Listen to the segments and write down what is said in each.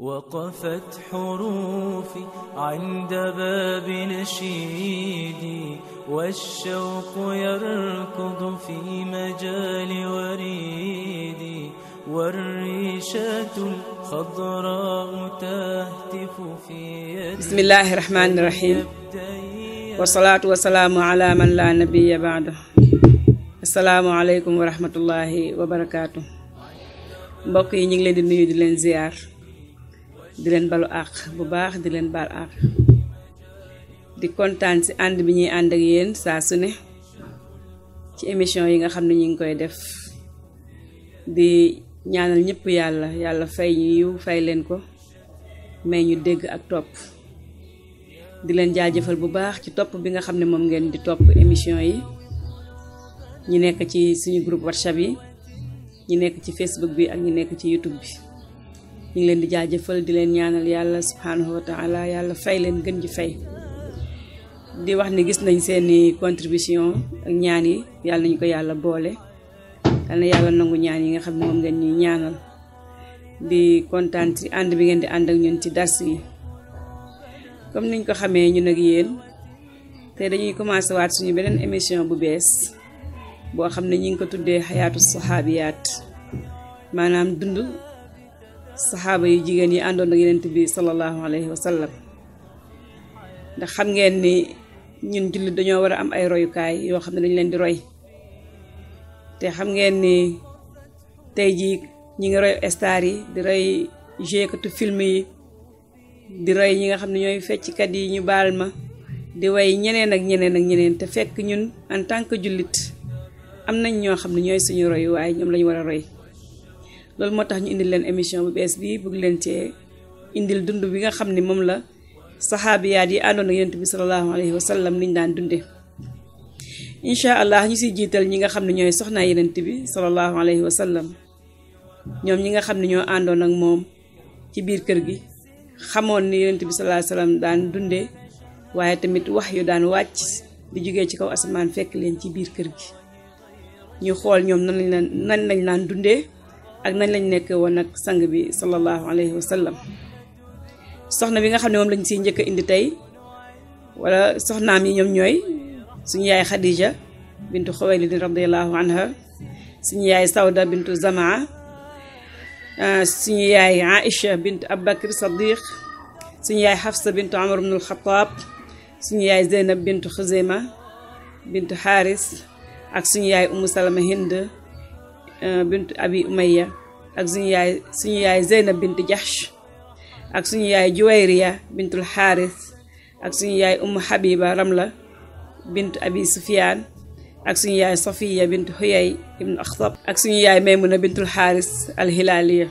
وقفت حروفي عند باب نشيدي والشوق يركض في مجال وريدي والريشة الخضراء تهتف في يدي بسم الله الرحمن الرحيم والصلاة والسلام على من لا نبي بعده السلام عليكم ورحمة الله وبركاته بقي نجلد ñu ngi leen di len balu ak, bu baax di len bal ak di contane si and bi ñi and ak yeen sa su ne ci émission yi nga ñi ngi koy def di ñaanal ñepp yalla yalla fay ñu yu fay len ko may ñu dégg ak top. di len jaajeufal bu baax ci top bi nga xam mom ngeen di top émission yi ñi nekk ci suñu groupe WhatsApp yi ñi nekk ci Facebook bi ak ñi nekk ci YouTube bi ñu leen di jëfal di leen ñaanal yàlla subhanahu wa taala yàlla fay leen gën ji fay di wax ni gis nañ seeni contribution ak ñaan yi yàlla nañ ko yàlla boole yàlla na yàlla nangu ñaan yi nga xam ne moom ngeen ñuy ñaanal di kontaan ci ànd bi ngeen di ànd ak ñun ci dars yi comme niñ ko xamee ñu ak yéen te dañuy commencé waat suñu beneen émission bu bees boo xam ne ñu ngi ko tuddee xayaatu saxaabiyaat maanaam dund sahaba yu jigen yi andon ak yenen bi sallallahu alayhi wa sallam ndax xam ngeen ni ñun dañu wara am ay royukaay yoo xam ne dañ leen di roy te xam ngeen ni tay ji ñi ngi roy star yi di roy jeekatu film yi di roy ñi nga xam ñoy fecc kat yi ñu bal ma di way ñeneen ak ñeneen ak ñeneen te fekk ñun en tant que julit am nañ ñoo xam ne ñooy suñu royuwaay ñoom lañu war roy Lol motax ñu indil leen émission bu bees bi bëgg leen ci indil dund bi nga xamni mom la saxaabiyaat yi àndoon ak yonent bi sallallahu alayhi wa sallam daan dunde insha allah ñu ci jital ñi nga xamni ñoy soxna soxnaa yonent sallallahu alayhi wa sallam ñom ñi nga xamni ne ñoo àndoon ak moom ci biir kër gi xamoon ni sallallahu alayhi wa sallam daan dunde waye tamit wax yu daan wacc di jógee ci kaw asman fekk leen ci biir kër gi ñu xol ñom nan lañ nan lañ ak nañ lañ nekk woon ak sang bi sallallahu alayhi wa sallam soxna bi nga xam ne moom lañ siy njëkk a indi tey wala soxnaam yi ñoom ñooy suñu yaay Khadija bintu Xuwaylid radiyallahu anha suñu yaay Sawda bintu Zamaa suñu yaay aisha bintu abbakr Sadiq suñu yaay Xafsa bintu Amar ibnul Xataab suñu yaay Zeynab bintu Xuzeyma bintu Xaaris ak suñu yaay Umu Salama Hind bintu abi umayya ak suñu yaay suñu yaay zeynab bint jahsh ak suñu yaay juwayriya bintul xaaris ak suñu yaay umu habiba ramla bint abi sufyaan ak suñu yaay safiya bint huyay ibnu axtab ak suñu yaay maymuna bintul xaaris alhilaaliya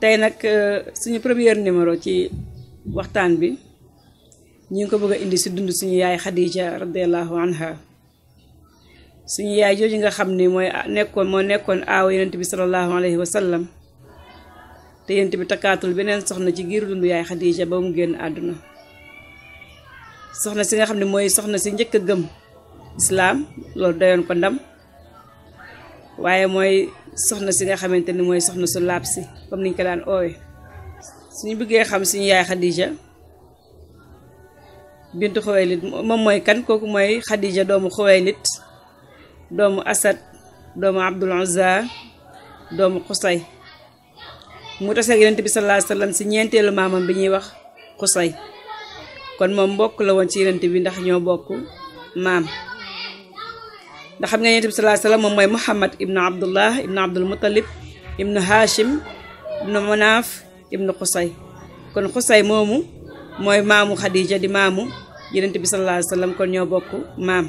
tey nag suñu premier numéro ci waxtaan bi ñu ngi ko bëgg a indi si dund suñu yaay xadija radiallahu anha suñu yaay jooju nga xam ni mooy nekkoon moo nekkoon aaw yonent bi sallallahu alayhi wa sallam te yonent bi takkaatul beneen soxna ci giiru dundu yaay Xadiija ba mu génn àdduna soxna si nga xam ne mooy soxna si njëkk a gëm islaam loolu dayoon ko ndam waaye mooy soxna si nga xamante ni mooy soxna su laab si comme niñ ko daan oowe suñu bëggee xam suñu yaay Xadiija bintu Xuwaylid moom mooy kan kooku mooy Xadiija doomu Xuwaylid doomu asad doomu abdul uzza doomu qusay mu tassé ak yenenbi sallallahu alayhi wasallam ci ñentelu mamam bi ñuy wax qusay kon mom mbokk la won ci yenenbi ndax ño bokk mam ndax xam nga yenenbi sallallahu alayhi wasallam mom moy muhammad ibnu abdullah ibnu abdul muttalib ibnu hashim ibnu munaf ibnu qusay kon qusay momu moy mamu khadija di mamu yenenbi sallallahu alayhi wasallam kon ño bokk mam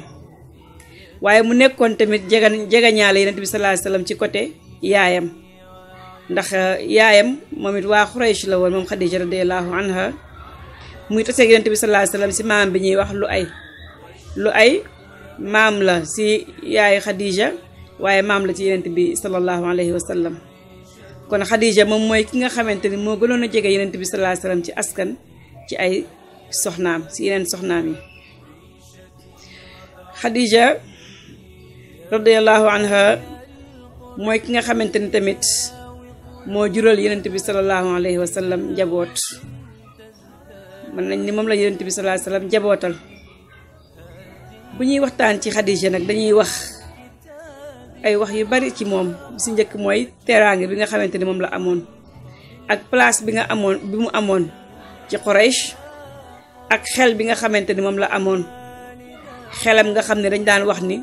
waaye mu nekkoon tamit jega jegañaale yonent bi sallallahu alayhi ci côté yaayam ndax uh, yaayam moom it waa Xuraysh la woon moom Xadija radiyallahu anha muy taseeg yonent bi sallallahu alayhi ñuy wax lu ay lu ay maam la si yaay waaye maam la ci yonent bi sallallahu alayhi wasallam kon Xadija moom mooy ki nga xamante ni moo gënoon a jege yonent bi sallallahu alayhi ci askan ci ay soxnaam si yeneen soxnaam yi Xadija radiallahu anha moy ki nga xamanteni tamit mo jural yonent bi salallahu alayhi wa sallam jabot man nañ ni mom la yonent bi salallahu alayhi wa sallam jabotal bu ñuy waxtaan ci khadija nak dañuy wax ay wax yu bari ci mom ci ñeek moy terang bi nga xamanteni mom la amone ak place bi nga amone bi mu amone ci quraish ak xel bi nga xamanteni mom la amone xelam nga xam dañ daan wax ni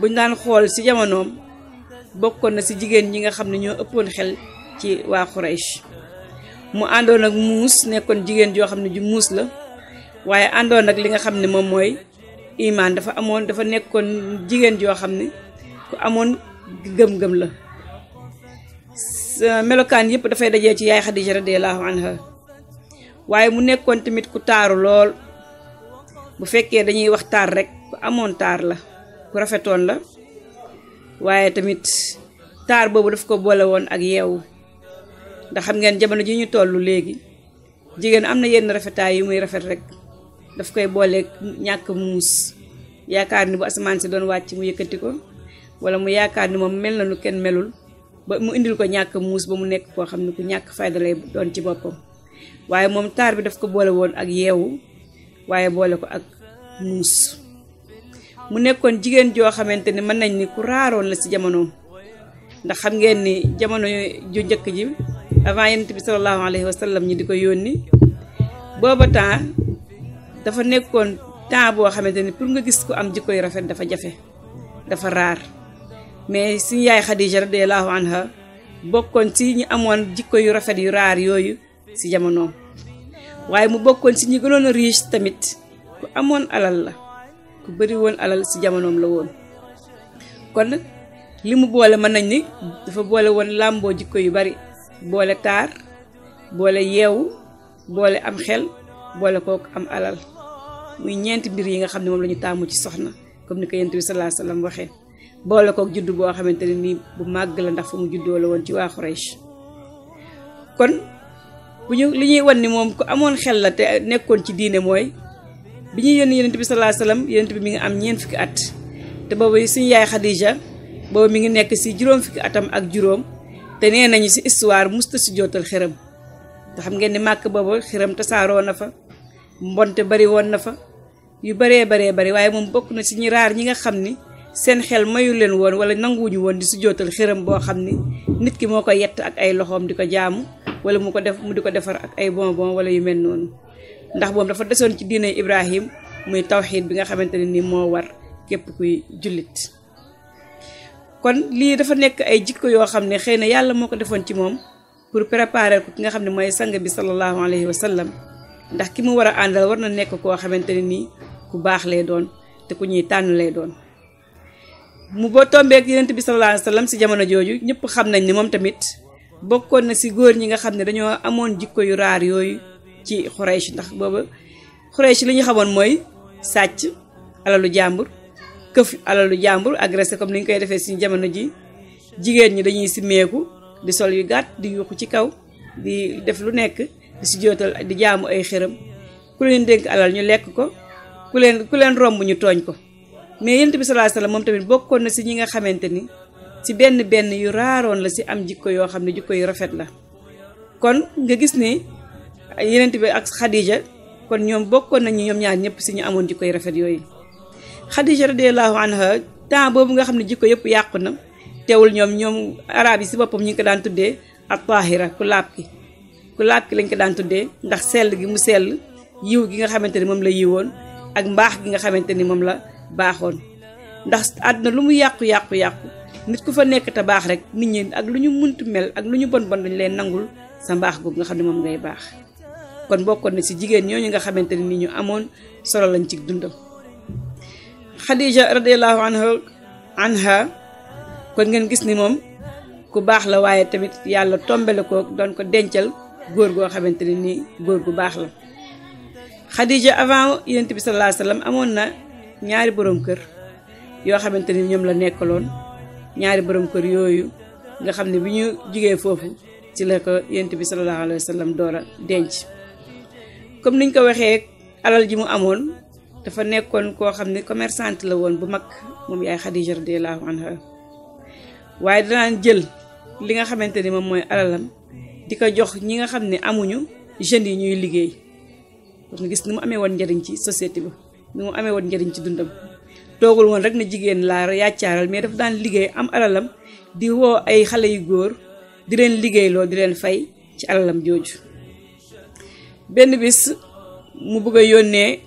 buñ daan xool ci jamonoom bokkoon na ci jigéen ñi nga xam ne ñoo ëppoon xel ci waa Quraysh mu àndoon ak muus nekkoon jigéen joo xam ne ju muus la waaye àndoon ak li nga xam ne moom mooy imaan dafa amoon dafa nekkoon jigéen joo xam ne ku amoon gëm-gëm la melokaan yëpp dafay dajee ci yaay Xadija radiyallahu anha waaye mu nekkoon tamit ku taaru lool bu fekkee dañuy wax taar rek ku amoon taar la ku rafetoon la waaye tamit taar boobu daf ko boole woon ak yeewu ndax xam ngeen jamono ji ñu toll léegi jigéen am na yenn rafetaay yu muy rafet rek daf koy boole ñàkk muus yaakaar ni bu asamaan si doon wàcc mu yëkkati ko wala mu yaakaar ni moom mel na nu kenn melul ba mu indil ko ñàkk muus ba mu nekk koo xam ne ku ñàkk faydale lay doon ci boppam waaye moom taar bi daf ko boole woon ak yeewu waaye boole ko ak muus mu nekkoon jigéen joo xamante ni mën nañ ni ku raaroon la ci jamonoom ndax xam ngeen ni jamono ju njëkk ji avant yonent bi sallallahu alayhi wa sallam ñi di ko yónni booba temps dafa nekkoon temps boo xamante ni pour nga gis ku am jikko yu rafet dafa jafe dafa raar mais suñu yaay Xadija radiyallahu anha bokkoon ci ñi amoon jikko yu rafet yu raar yooyu ci waaye mu bokkoon ci ñi gënoon tamit amoon alal la ku bëri woon alal si jamonoom la woon kon li mu boole mën nañ ni dafa boole woon làmboo jikko yu bari boole taar boole yeewu boole am xel boole kook am alal muy ñeenti mbir yi nga xam ne moom la ñu taamu ci soxna comme ni ko yonent bi sallallahu alayhi waxee boole kook juddu boo xamante ne nii bu màgg la ndax fu mu juddoo la woon ci waa Quraysh kon bu ñu li ñuy wan ni moom ku amoon xel la te nekkoon ci diine mooy bi ñuy yoni yonent sallallahu alayhi wasallam yonent mi ngi am ñeen fukki at te bobu suñu yaay Khadija bobu mi ngi nekk ci juroom fukki atam ak juroom te neenañu ci histoire musta si jotal xiram te xam ngeen ni màkk booba xiram saaro na fa mbonte bari won na fa yu baree baree bare waye mom bokku na ci ñi raar ñi nga xam ni seen xel mayu leen won wala nanguwuñu won di su jotal xiram bo xam ni nit ki moko yett ak ay loxom diko jaamu wala mu ko def mu diko defar ak ay bonbon wala yu mel ndax moom dafa desoon ci diine ibrahim muy tawxid bi nga xamanteni ni moo war képp kuy jullit kon lii dafa nekk ay jikko yoo xam ne xëy na yàlla moo ko defoon ci moom pour préparer ko ki nga xam ne mooy sang bi salallahu alayhi wa sallam ndax ki mu war a àndal war na nekk koo xamanteni ni ku baax lay doon te ku ñuy tànn lay doon mu boo tombeek yenent bi salallahu alayhi wa sallam si jamono jooju ñëpp xam nañ ne moom tamit bokkoon na si góor ñi nga xam ne dañoo amoon jikko yu raar yooyu ci Xuraysh ndax booba Xuraysh li ñu xamoon mooy sàcc alalu jàmbur këf alalu jàmbur agressé comme ni ñu koy defee suñu jamono ji jigéen ñi dañuy simmeeku di sol yu gàtt di yuuxu ci kaw di def lu nekk di si jootal di jaamu ay xëram ku leen dénk alal ñu lekk ko ku leen ku leen romb ñu tooñ ko mais yonent bi sallallahu alayhi moom tamit bokkoon na si ñi nga xamante ni si benn benn yu raaroon la si am jikko yoo xam ne jikko yu rafet la kon nga gis ne yenen tibe ak khadija kon ñom bokkon nañu ñom ñaar ñëpp ci ñu amon jikko yu rafet yoy khadija radiallahu anha ta bobu nga xamni jikko yep yàqu na teewul ñom ñoom arab yi si boppam ñu ko daan tuddé ak tahira ku laab ki ku laab ki lañ ko daan tuddé ndax sel gi mu sel yiw gi nga xamanteni mom la yiwon ak mbax gi nga xamanteni mom la baxon ndax àdduna lu mu yàqu yàqu yàqu nit ku fa nek ta bax rek nit ñi ak lu muntu mel ak lu ñu bon bon dañ leen nangul sa mbax googu nga xamni mom ngay bax kon bokkoon na ci jigéen ñooñu nga xamante ne ni ñu amoon solo lañ ci dundam xadija radiallahu anha kon ngeen gis ni moom ku baax la waaye tamit yàlla tombale ko doon ko dencal góor goo xamante ne nii góor gu baax la xadija avant yent bi sallallahu alayhi amoon na ñaari borom kër yoo xamante ni ñoom la nekkaloon ñaari borom kër yooyu nga xam ne bi ñu jugee foofu ci la ko yonent bi sallallahu alayhi wasallam door a denc comme niñ ko waxee alal ji mu amoon dafa nekkoon koo xam ne commerçante la woon bu mag moom yaay Xadija radiyallahu anha waaye danaan jël li nga xamante ni moom mooy alalam di ko jox ñi nga xam ne amuñu jeunes yi ñuy liggéey kon gis ni mu amee woon njëriñ ci société bi ni mu amee woon njëriñ ci dundam toogul woon rek na jigéen laa yàccaaral mais dafa daan liggéey am alalam di woo ay xale yu góor di leen liggéeyloo di leen fay ci alalam jooju benn bis mu bugg a yónnee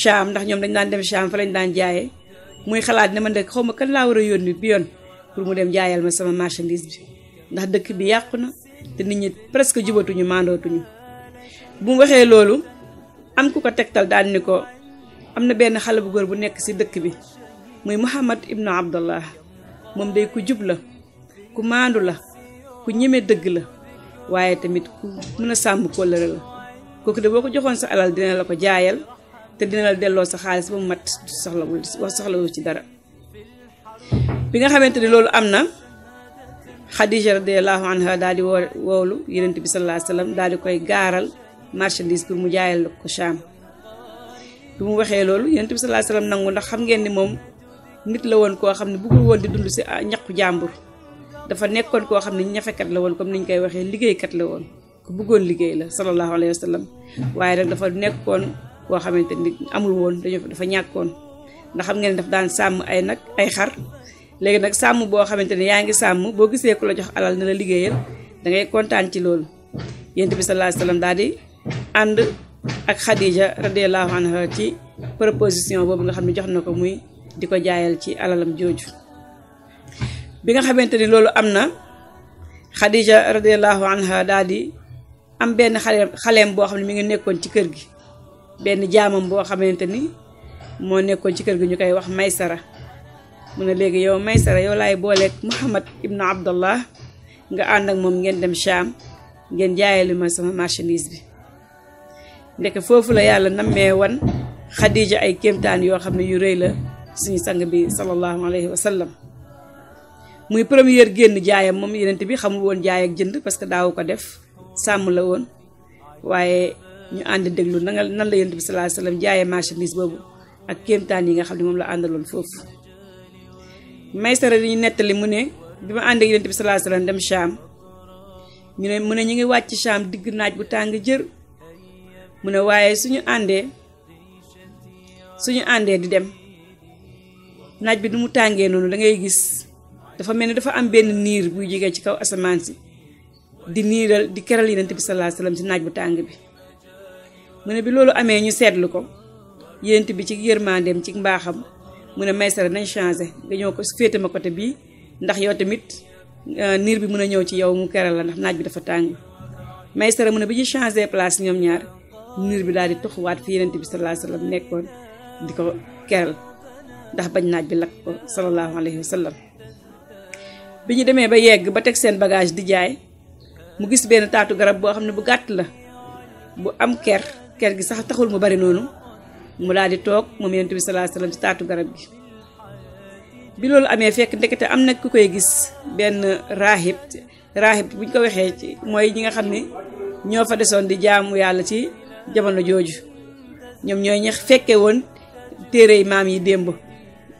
Cham ndax ñoom dañ daan dem Cham fa lañ daan jaaye muy xalaat ne man de xaw ma kan laa war a yónni bi yoon pour mu dem jaayal ma sama marchandise bi ndax dëkk bi yàqu na te nit ñi presque jubatuñu mandootuñu bu mu waxee loolu am ku ko tegtal daan ni ko am na benn xale bu góor bu nekk ci dëkk bi muy Muhammad ibnu Abdallah moom day ku jub la ku maandu la ku ñeme dëgg la waaye tamit ku mën a sàmm kóllëre la kooku de boo ko joxoon sa alal dina la ko jaayal te dina la delloo sa xaalis ba mu mat soxlawul wax soxlawul ci dara bi nga xamante ne loolu am na xadija radiallahu anha daal di woo woolu yonent bi sallallahu alayhi wasallam daal di koy gaaral marchandise pour mu jaayal la ko Sham bi mu waxee loolu yonent bi sallallahu alayhi wasallam nangu ndax xam ngeen ni moom nit la woon koo xam ne bëggul woon di dund si ah, ñaqu jàmbur dafa nekkoon koo xam ne ñafekat la woon comme niñ koy waxee liggéeykat la woon ku bëggoon liggéey la sallallahu alayhi wa sallam waaye rek dafa nekkoon koo xamante ni amul woon dañu dafa ñàkkoon ndax xam ngeen daf daan sàmm ay nag ay xar léegi nag sàmm boo xamante ne yaa ngi sàmm boo gisee ku la jox alal na la liggéeyal da ngay kontaan ci loolu yént bi sallallahu alayhi daal di ànd ak Khadija radiallahu anha ci proposition boobu nga xam ne jox na ko muy di ko jaayal ci alalam jooju bi nga xamante ni loolu am na Khadija radiallahu anha daal di am benn xale xaleem bo xamni mi ngi nekkon ci kër gi benn jaamam bo xamanteni mo sara, ci kër gi ñukay wax maysara mu ne yow maysara yow muhammad ibnu Abdullah, nga and ak mom ngeen dem sham, ngeen jaayelu ma sama marchandise bi nek fofu la yalla namé won khadija ay kemtan yo xamni yu reey la suñu sang bi sallallahu alayhi wa sallam muy premier genn jaayam mom yenente bi xamul won jaay ak jënd parce que daawu ko def sàmm la woon waaye ñu ànd déglu na nga nan la yonent bi sallallahu alayhi wasallam jaayee marchandise boobu ak kéemtaan yi nga xam ne moom la àndaloon foofu maysara di ñu nettali mu ne bi ma ànd ak yonent bi sallallahu dem Sham ñu ne mu ne ñu ngi wàcc Sham digg naaj bu tàng jër mu ne waaye suñu àndee suñu àndee di dem naaj bi du mu tàngee noonu da ngay gis dafa mel ni dafa am benn niir buy jógee ci kaw asamaan si di niral di keral yonent bi sallallahu alayhi wasallam ci naaj bu tang bi mune bi lolu amé ñu sétlu ko yonent bi ci yermandem ci mbaxam mune maysara nañ changer dañu ko fété ma côté bi ndax yow tamit euh, nir bi mune ñew ci yow mu keral la ndax naaj bi dafa tang maysara mu bi ci changer place ñom ñaar nir bi daal di wat fi yonent bi sallallahu alayhi wasallam nekkon diko keral ndax bañ naaj bi lak ko sallallahu alayhi wasallam biñu démé ba yegg ba tek sen bagage di jaay mu gis benn taatu garab boo xam ne bu gàtt la bu am ker ker gi sax taxul mu bari noonu mu daal di toog moom yonent bi sallallahu alayhi ci taatu garab gi bi loolu amee fekk ndekete am na ku koy gis benn raahib raahib buñ ko waxee ci mooy ñi nga xam ne ñoo fa desoon di jaamu yàlla ci jamono jooju ñoom ñooy ñex fekke woon téere yi maam yi démb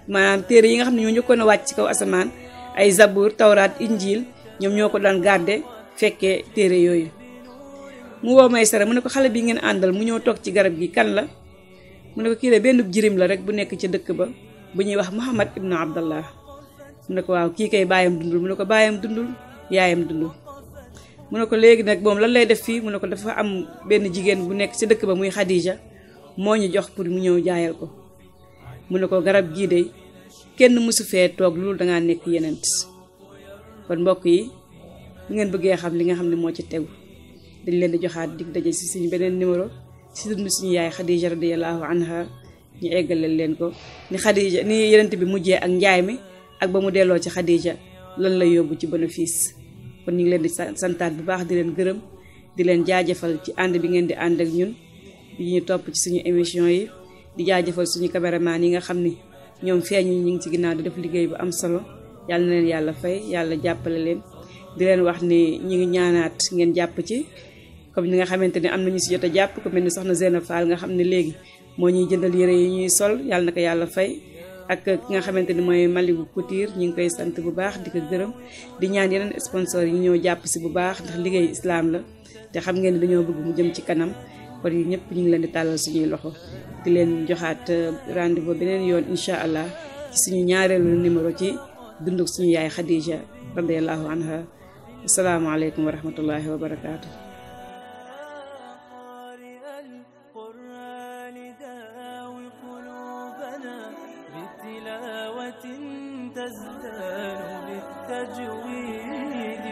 maanaam téere yi nga xam ne ñoo njëkkoon a wàcc ci kaw asamaan ay zabur tawraat injil ñoom ñoo ko daan garde fekke téré yooyu mu may sara mu ne ko xalé bi ngeen andal mu ñoo tok ci garab gi kan la mu ne ko ki benn jirim la rek bu nekk ci dëkk ba bu ñuy wax Muhammad ibnu Abdullah, mu ne ko waaw ki kay bayam dundul mu ne ko bayam dundul yaayam dundul mu ne ko legi nak mom lan lay def fi mu ne ko dafa am benn jigen bu nekk ci dëkk ba muy khadija moo ñu jox pour mu ñëw jaayal ko mu ne ko garab gii de kenn mësu fee toog loolu nekk yenent kon mbokk yi bu bëggee xam li nga xam ne moo ci tegu dañ leen di joxaat digg daje si suñu beneen numéro si dund suñu yaay laa radiyallahu anha ñu eggaleel leen ko ni Khadija ni yenent bi mujjee ak njaay mi ak ba mu delloo ci Khadija lan la yóbbu ci bénéfice kon ñu ngi leen di santaat bu baax di leen gërëm di leen jaajëfal ci ànd bi ngeen di ànd ak ñun di ñu topp ci suñu émission yi di jaajëfal suñu caméraman yi nga xam ni ñoom feeñu ñu ngi ci ginnaaw di def liggéey bu am solo yàlla leen yàlla fay yàlla jàppale leen di leen wax ni ñu ngi ñaanaat ngeen jàpp ci comme ni nga xamante ni am na ñu si jot a jàpp ku mel ni soxna Zeyna Fall nga xam ne léegi moo ñuy jëndal yére yi ñuy sol yàlla na yàlla fay ak ki nga xamante ni mooy Malibu Couture ñu ngi koy sant bu baax di ko gërëm di ñaan yeneen sponsor yi ñoo jàpp si bu baax ndax liggéey islaam la te xam ngeen ni dañoo bëgg mu jëm ci kanam kon yi ñëpp ñu ngi leen di tàllal suñuy loxo di leen joxaat euh, rendez-vous beneen yoon incha allah ci suñu ñaareelu numéro ci dunduk suñu yaay Khadija radiyallahu anha السلام عليكم ورحمة الله وبركاته تزدان بالتجويد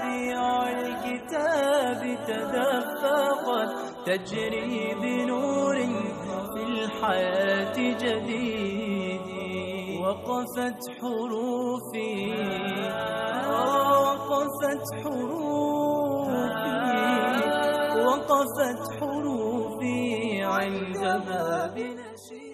بيع الكتاب تجري بنور في الحياة جديد وقفت حروفي وقفت حروفي وقفت حروفي عند باب نشيد